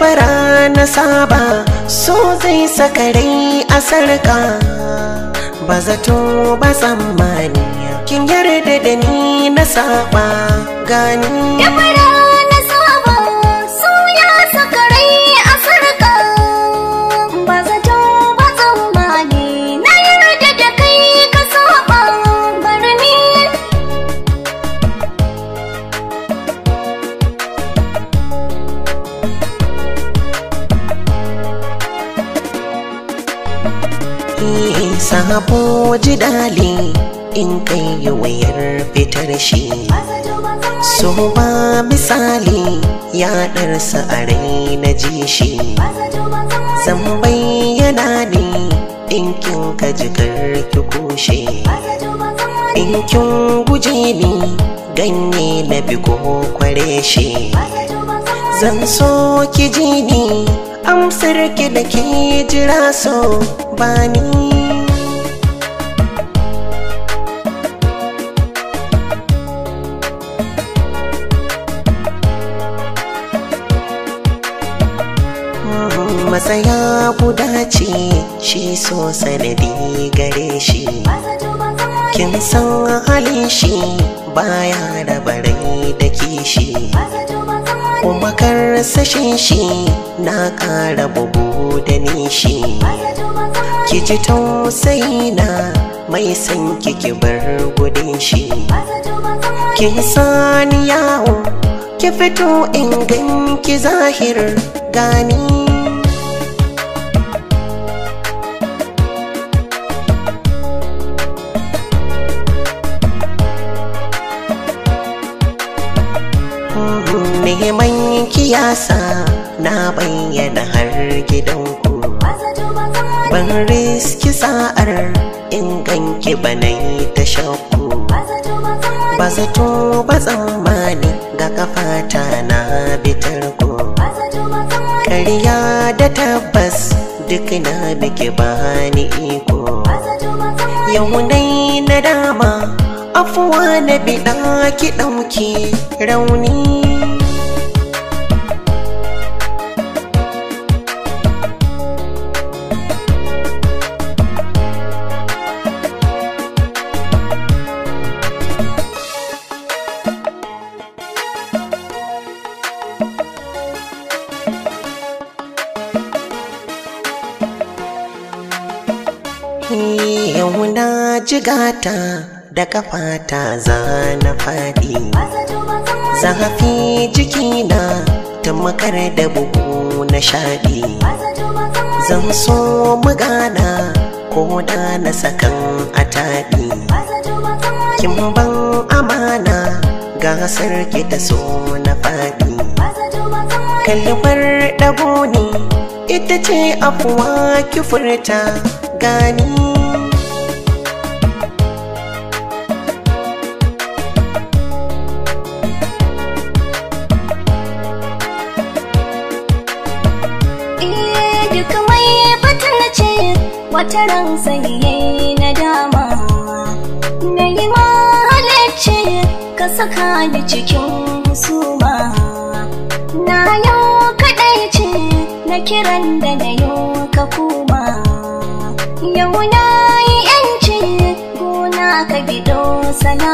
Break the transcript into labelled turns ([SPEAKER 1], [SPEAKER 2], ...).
[SPEAKER 1] bara na saba so zai sakare a sarka ba zato ba tsammani kin yarda da ni na saba gani sabo ji dali in kai wayar fitar shi so ba misali ya ɗarsa a rai na ji shi zan bayyana ne in kin ka jikar ki kushe in kin guje ni ganye na bi ko kware shi zan so ki ji ni amsar ki da ke jira so ba ni matsaya guda ce shi so sanadi gare shi kin san halin shi baya da barai da kishi bakar sashin shi na ƙara bugu da nishi ki ji tausayi na mai san ki bar gudun shi ki sani yawo ki fito in ganki zahir gani neman Siyasa yasa na bayyana har gidanku ban riski sa'ar in ganki yi ta shakku ba zato ba tsammani ga kafata na bitarku ƙarya da tabbas duk na biki ba ni iko yau na dama afuwa na biɗa ki ɗauki rauni Muna jigata da kafata za na faɗi zafi jikina ta makar da buhu na shaɗi zan so magana ko da na sakan a taɗi kin ban amana gasar ki ta so na faɗi kalmar ɗago ne ita ce afuwa ki gani wata ran sai yayi nadama na yi malice ka saka ni cikin suma na yau kaɗai na kiran da na yau ka kuma yau na yi yanci gona ka gido sana